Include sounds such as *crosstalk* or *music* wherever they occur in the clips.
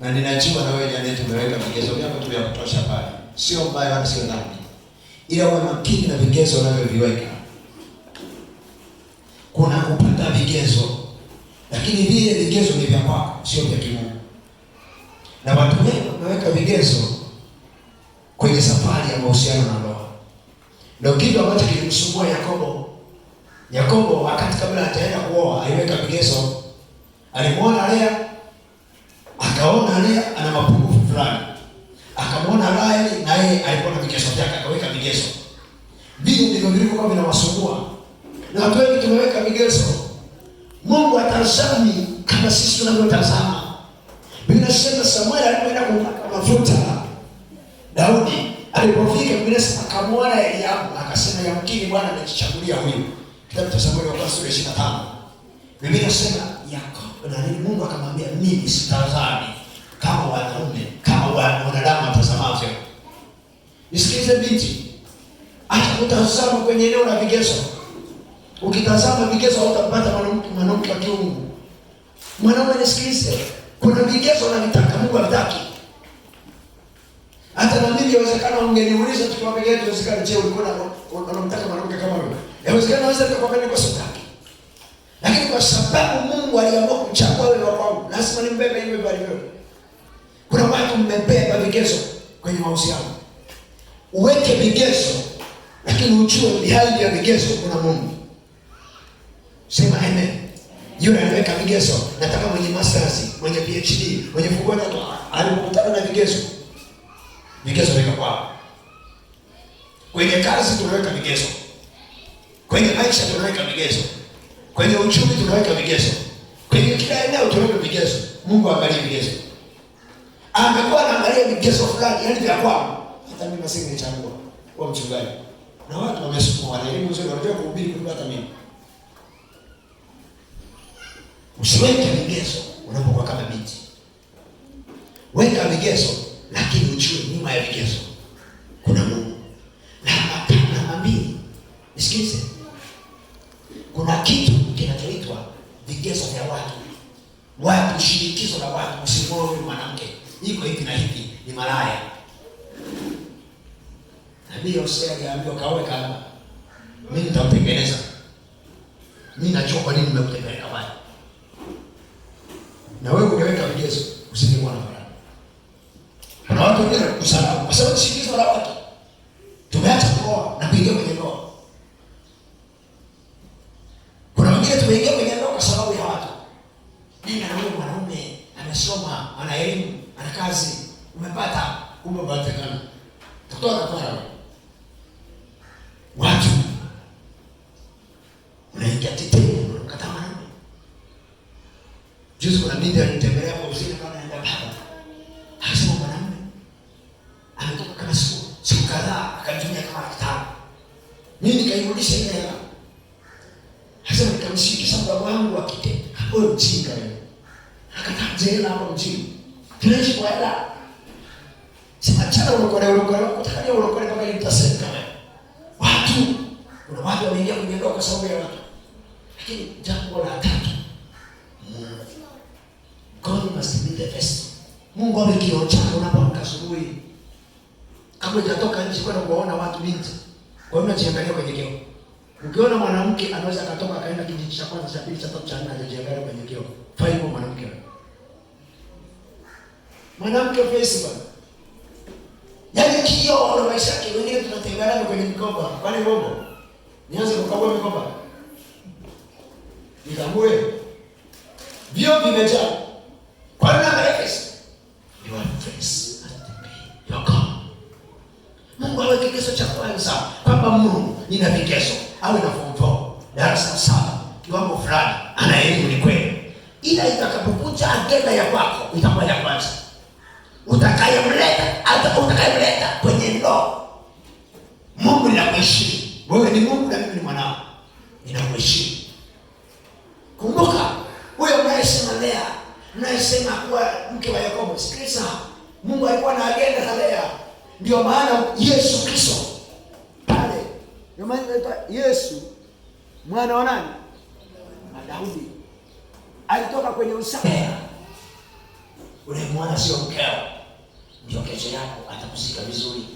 na ninajua na wewe jana tumeweka vigezo vyako tu vya kutosha pale, sio mbaya wala sio dhambi, ila uwe makini na vigezo unavyoviweka. Kuna kupata vigezo, lakini vile vigezo ni vya kwako, sio vya Kimungu. Na watu wengi wameweka vigezo kwenye safari ya mahusiano na ndoa, ndio kitu ambacho kilimsumbua Yakobo. Yakobo wakati kabla hajaenda kuoa aliweka vigezo, alimwona Lea akaona Lea ana mapungufu fulani, akamwona Rahel na yeye alikuwa na vigezo vyake, akaweka vigezo. Vile ndivyo vilivyokuwa vinawasumbua, na watu wengi tumeweka vigezo. Mungu atazami kama sisi tunavyotazama. Biblia inasema Samuel alipoenda kumpaka mafuta Daudi, alipofika Biblia inasema akamwona Eliabu, akasema yamkini Bwana amejichagulia huyu. Kitabu cha Samueli wa kwanza sura ya 25 Biblia inasema Yakobo na nini, Mungu akamwambia mimi sitazami kama wanaume kama wanadamu watazamavyo. Nisikilize binti, hata utazama kwenye eneo la vigezo. Ukitazama vigezo hautapata mwanamke mwanamke wa kiungu. Mwanaume, nisikilize, kuna vigezo navitaka, Mungu havitaki. Hata na mimi yawezekana ungeniuliza tukiwa peke yetu, yawezekana je, ulikuwa unamtaka mwanamke kama wewe? Yawezekana naweza nikakwambia niko sukari lakini kwa sababu Mungu aliamua kuchagua wewe kwangu, lazima nimbebe hivi alivyo. Kuna watu mmebeba vigezo kwenye mahusiano, uweke vigezo, lakini ujue hali ya vigezo kuna Mungu. Sema amen. Yule anaweka vigezo, nataka mwenye masters, mwenye PhD, mwenye fungua tatu, alikutana na vigezo. Vigezo weka kwao. Kwenye kazi tunaweka vigezo, kwenye maisha tunaweka vigezo Kwenye uchumi tunaweka vigezo, kwenye kila eneo tunaweka vigezo. Mungu angalie vigezo, amekuwa anaangalia vigezo fulani, yaani vya kwao. Hata mimi masingi nichangua kwa mchungaji na watu wamesukuma, wana elimu nzuri, wanajua kuhubiri kuliko hata mimi. Usiweke vigezo unapokuwa kama binti, weka vigezo, lakini ujue nyuma ya vigezo kuna Mungu na hapana mambili. Nisikilize. suluhisho la watu, msimwoe huyu mwanamke, iko hivi na hivi, ni malaya. Nabii Hosea aliambiwa kaoe kama mimi nitakutengeneza. Mimi najua kwa nini nimekutengeneza kutoka kwao watu unaingia tetee, unamkataa mwanaume. Juzi kuna binti alinitembelea kwa ofisini kama naenda baba, akasema mwanaume ametoka kama siku siku kadhaa, akanitumia kama laki tano, mimi nikairudisha ile hela, akasema nikamshirikisha baba wangu wa kike. Wewe mjinga wewe, akataa jela hapo mjini, tunaishi kwa hela Sinachana ulokole ulokole kutania ulokole mpaka itasema kama watu kuna watu wameingia kwenye ndoa kwa sababu ya watu. Lakini jambo la tatu, God must be the best. Mungu awe kioo chako unapoamka asubuhi. Kabla hujatoka nje kwenda kuwaona watu binti. Kwa hiyo unajiangalia kwenye kioo. Ukiona mwanamke anaweza akatoka akaenda kijiji cha kwanza cha pili cha tatu cha nne anajiangalia kwenye kioo. Faipo mwanamke. Mwanamke face Yaani kioo na maisha yake. Wengine tunatembea nayo kwenye mikoba. Kwani bongo? Nianze kukagua mikoba. Nikague. Vio vimejaa. Kwa nini anaekesha? You are face at the pay. Yoko. Mungu awe kigezo cha kwanza kwamba Mungu nina vigezo. Awe na funzo. Darasa saba. Kiwango fulani ana elimu ni kweli. Ila itakapokuja agenda ya kwako itakuwa ya kwanza. Utakayemleta, utakayemleta kiroho. Mungu ninakuheshimu. Wewe ni Mungu na mimi ni mwanao. Ninakuheshimu. Kumbuka huyo unayesema Lea, unayesema kuwa mke wa Yakobo, sikiliza. Mungu alikuwa na agenda na Lea. Ndio maana Yesu Kristo pale. Ndio maana Yesu mwana wa nani? Na Daudi. Alitoka kwenye usafi. Ule mwana sio mkeo. Ndio kesho yako atakuzika vizuri.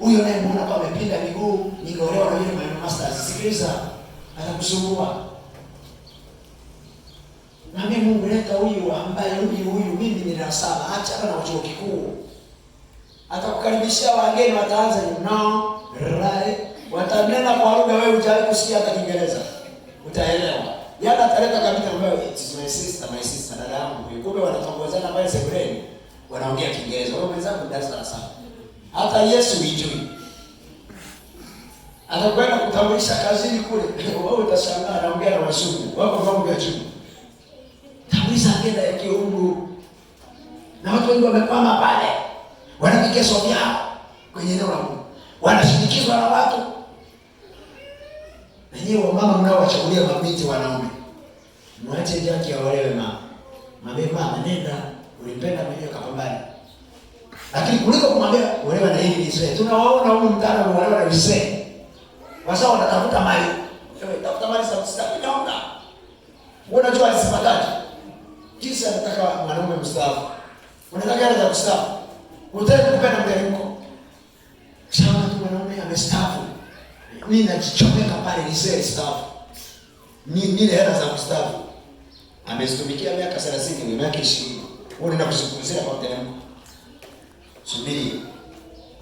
Huyo naye muona kwa amepinda miguu, ningeolewa na yule mwalimu master. Sikiliza, atakusumbua. Na mimi Mungu leta huyu ambaye huyu huyu mimi ni darasa saba, acha hata na chuo kikuu. Atakukaribishia wageni wataanza ni no rai, Watanena kwa lugha wewe hujawahi kusikia hata Kiingereza. Utaelewa. Yana ataleta kabisa ambayo it is my sister, my sister dada yangu. Kumbe wanatongozana pale sekuleni. Wanaongea Kiingereza. Wao wenzangu darasa la saba hata Yesu hujui. atakwenda kutambulisha kazini kule, *laughs* wewe utashangaa anaongea na wazungu wako mambo ya juu, tambulisha agenda ya kiungu, na watu wengi wamekwama pale, wana vigezo vyao kwenye eneo la Mungu, wanashindikizwa na watu. Na nyinyi wamama mnaowachagulia mabinti wanaume, mwache jaki awalewe mama, mama, nenda, ulimpenda mwenyewe, kapambana lakini kuliko kumwambia wewe na hili lisee, tunawaona huko mtaalamu wale wale lisee. Wasa wanatafuta mali. Wewe tafuta mali sasa sitaki naona. Wewe unajua isipataje? Jinsi anataka mwanaume mstaafu. Unataka yale za kustaafu. Unataka kupenda mteremko. Chama tu mwanaume amestaafu. Mimi najichomeka pale lisee staafu. Ni nile hela za kustaafu. Amezitumikia miaka 30 na miaka 20. Wewe unaenda kuzungumzia kwa mteremko subiri,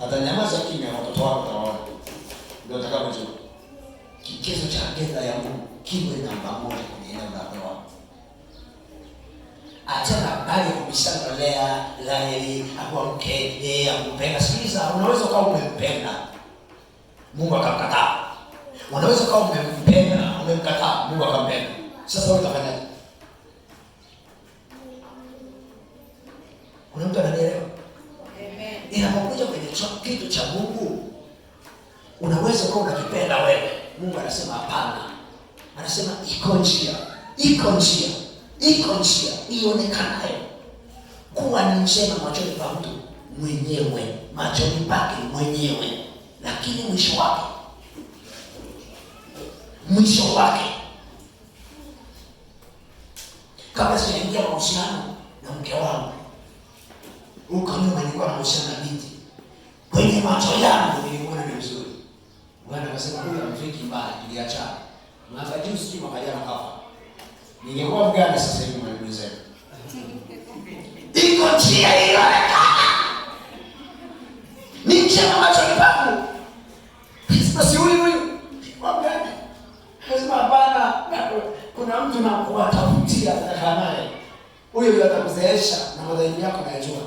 atanyamaza kimya, watoto wako tawaona, ndio atakapojua kigezo cha agenda ya Mungu kiwe namba moja kwenye eneo la ndoa. Achana habari ya kubishana lea laeli akuwa mkende akupenda. Sikiliza, unaweza ukawa umempenda Mungu akamkataa, unaweza ukawa umempenda umemkataa Mungu akampenda. Sasa wewe utafanyaje? kuna mtu kitu cha Mungu unaweza kuwa unakipenda wewe. Mungu anasema hapana, anasema iko njia, iko njia, iko njia ionekanayo kuwa ni njema machoni pa mtu mwenyewe, machoni pake mwenyewe, lakini mwisho wake, mwisho wake, kabla sijaingia mahusiano na mke wangu, huko nyuma nilikuwa na mahusiano na binti kwenye macho yangu nilimuona ni mzuri. Bwana akasema huyu amfiki mbaya, niliachana. Mwaka juu sijui mwaka jana kafa. Ningekuwa mgani sasa hivi mwalimu zenu. Iko njia ilionekana. Ni njia na macho ni pangu. huyu huyu kwa mgani? Lazima hapana, kuna mtu na kuwatafutia naye. Huyo atakuzeesha na madhaifu yako nayajua.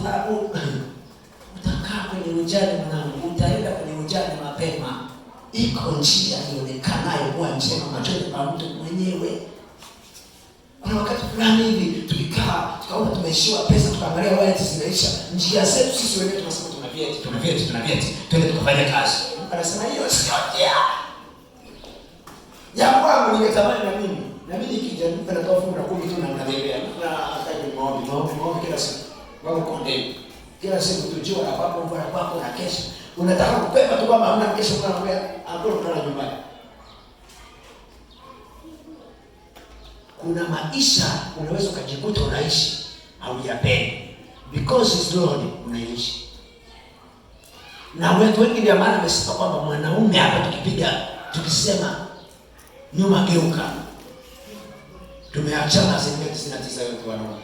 uta, *coughs* utakaa kwenye ujani mwanangu, utaenda kwenye ujani mapema. Iko njia ionekanayo kuwa njema machoni pa mtu mwenyewe. Kuna wakati fulani hivi tulikaa tukaona tumeishiwa pesa, tukaangalia wale zimeisha njia zetu sisi wenyewe, tunasema tuna vyeti, tuna vyeti, tuna vyeti, twende tukafanya kazi. Anasema hiyo sio njia ya kwangu, ningetamani na mimi na mimi nikija nipe na tofu na kumi tu na mnabebea na hata maombi maombi maombi kila siku Wakukonde. Kila siku tujua kwako kesho. Unataka tu hamna kesho kwa mbea nyumbani. Kuna maisha unaweza ukajikuta unaishi because it's Lord unaishi. Na watu wengi ndio maana wamesema kwamba mwanaume hapa tukipiga tukisema nyuma geuka. Tumeachana asilimia tisini na tisa yote wanaume.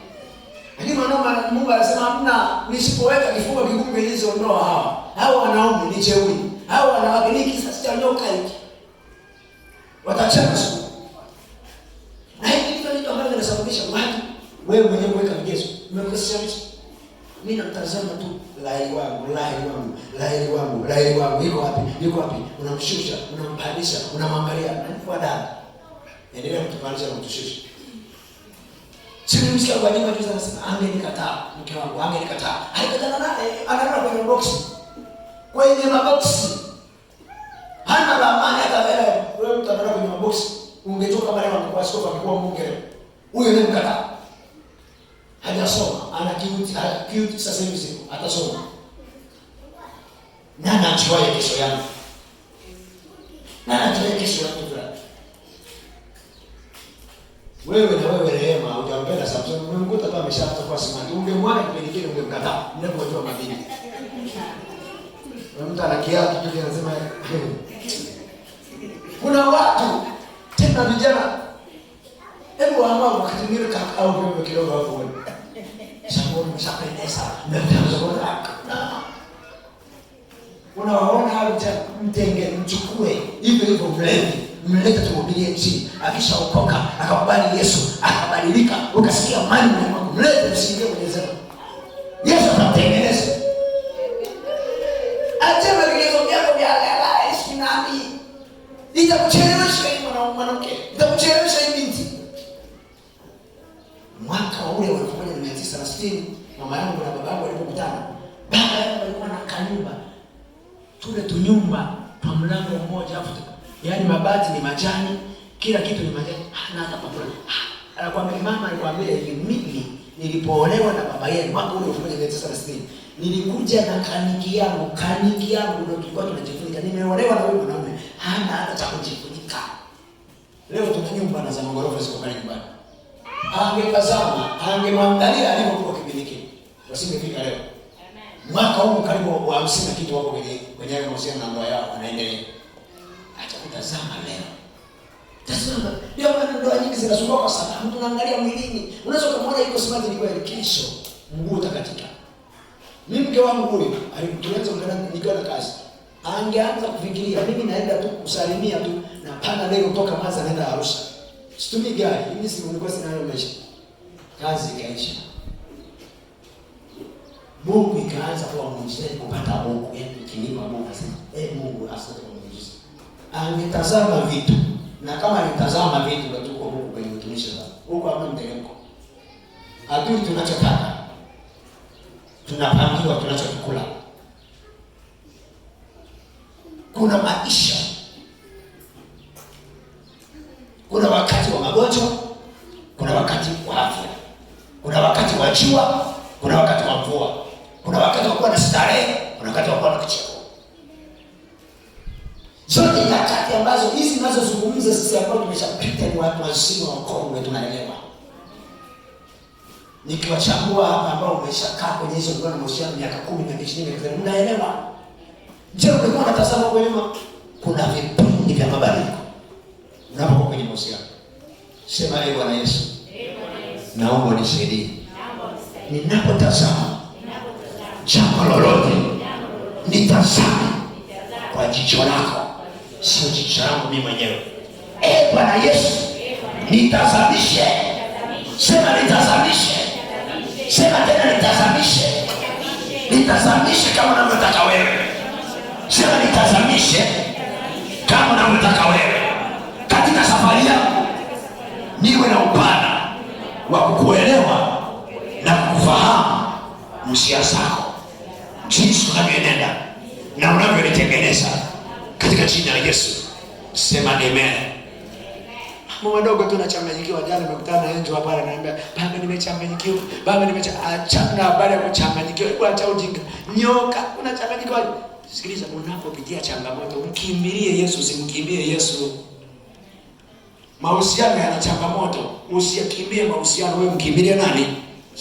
Lakini mwanaume Mungu anasema hamna, nisipoweka vifungo hizo nilizondoa hawa. Hao wanaume ni jeuri. Hao wanawake ni kisa cha nyoka hiki. Watachana siku. Na hiki kitu ndio ambacho kinasababisha watu wewe mwenyewe kuweka vigezo. Umekosea mtu. Mimi namtazama tu lai wangu, lai wangu, lai wangu, lai wangu. Yuko wapi? Yuko wapi? Unamshusha, unampandisha, unamwangalia, unamfua dada. Endelea kutupandisha na kutushusha. Simulizi kwa jamaa juzi anasema angenikataa mke wangu angenikataa. Haikatana naye eh, analala kwenye box. Kwenye mabox. Hana la maana hata wewe wewe mtalala kwenye mabox. Ungetoka pale na kwa sofa kwa mbunge. Huyo ni mkataa. Hajasoma, ana kiuti, ana kiuti sasa hivi sio atasoma. Nani anajua kesho yangu? Nani anajua kesho yangu? Wewe na wewe rehema unampenda Samson, umemkuta tu ameshaanza kuwa simanzi. Ungemwona kipindi kile ungemkataa, ninapojua madini. Mtu ana kiatu kile anasema hmm. kuna watu tena vijana, hebu ambao wakati mwingine kaka au mimi kidogo hapo wewe. Sababu mshapendeza na mtazo kwa unawaona hao, mtenge mchukue hivyo hivyo mlenge mmeleta tumhubirie Injili. Akishaokoka akakubali Yesu akabadilika, ukasikia amani ndani mwako, mlete msingie kwenye zema. Yesu atamtengeneza. Acha vigezo vyako vya lala ishi nami, itakuchelewesha hii mwanamke, itakuchelewesha hii binti. Mwaka ule wa 1960 mama yangu na baba yangu walipokutana, baba yangu alikuwa na kanyumba tule tunyumba kwa mlango mmoja afuta yaani mabati ni majani, kila kitu ni majani. Ah, na hata pamoja ah, anakuambia mama alikwambia hivi, mimi nilipoolewa na baba yenu mwaka ule 1960 nilikuja na kaniki yangu, kaniki yangu ndio kilikuwa tunajifunika. Nimeolewa na huyu mwanaume hana hata cha kujifunika. Leo tuna nyumba na za magorofa ziko pale nyumbani. Angekazama, angemwangalia alivyokuwa kipindiki. Wasingefika leo. Mwaka huu karibu wa 50 kitu wako kwenye kwenye mahusiano na ndoa yao wanaendelea kutazama leo. Tazama, ndio maana ndoa nyingi zinasumbua kwa sababu tunaangalia mwilini. Unaweza kumwona yuko smart ni kweli, kesho mguu utakatika. Mimi mke wangu huyo alikutuliza mgana nikiwa na kazi. Angeanza kufikiria mimi naenda tu kusalimia tu na pana leo toka Mwanza naenda Arusha. Situmii gari, mimi si nilikuwa sina hayo maisha. Kazi kaisha. Mungu ikaanza kuwa muujizaji kupata Mungu, yaani kilima Mungu asema, "Eh Mungu asante angetazama vitu, na kama nitazama vitu, ndio tuko huko kwenye utumishi wa huko hapo mteremko, hatujui tunachotaka, tunapangiwa tunachokula. Kuna maisha, kuna wakati wa magonjwa, kuna wakati wa afya, kuna wakati wa jua, kuna wakati wa mvua, kuna wakati wa kuwa na starehe, kuna wakati wa kuwa na kicheko. Zote nyakati ambazo hizi nazozungumza sisi ambao tumeshapita ni watu wazima wakongwe, tunaelewa. Nikiwachambua hapa ambao umeshakaa kwenye hizo ndoa na mahusiano miaka kumi na ishirini na mnaelewa. Je, ulikuwa unatazama kwa nyuma? Kuna vipindi vya mabadiliko unapokuwa kwenye mahusiano. Sema leo ee Bwana Yesu, naomba unisaidie ninapotazama jambo lolote, nitazame kwa jicho lako sio jicho langu mimi mwenyewe. Eh, Bwana Yesu, nitazamishe. Sema nitazamishe. Sema tena nitazamishe. Nitazamishe kama unavyotaka wewe. Sema nitazamishe kama unavyotaka wewe. Katika safari yako niwe na upana wa kukuelewa na kukufahamu njia zako, jinsi unavyoenenda na unavyonitengeneza katika jina la Yesu, sema amen. Mama dogo tu nachanganyikiwa. Jana nimekutana na Angel hapa, ananiambia baba, nimechanganyikiwa baba, nimecha nimechanganyika. baada ya kuchanganyikiwa, hebu acha ujinga. Nyoka unachanganyikiwa. Sikiliza, unapopitia changamoto mkimbilie Yesu, simkimbie Yesu. Mahusiano yana changamoto, usiyakimbie mahusiano, wewe mkimbilie nani?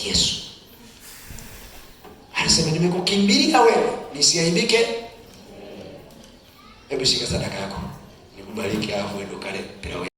Yesu. Alisema, nimekukimbilia wewe, nisiaibike hebu shika sadaka yako nikubariki, alafu endo kale pilau.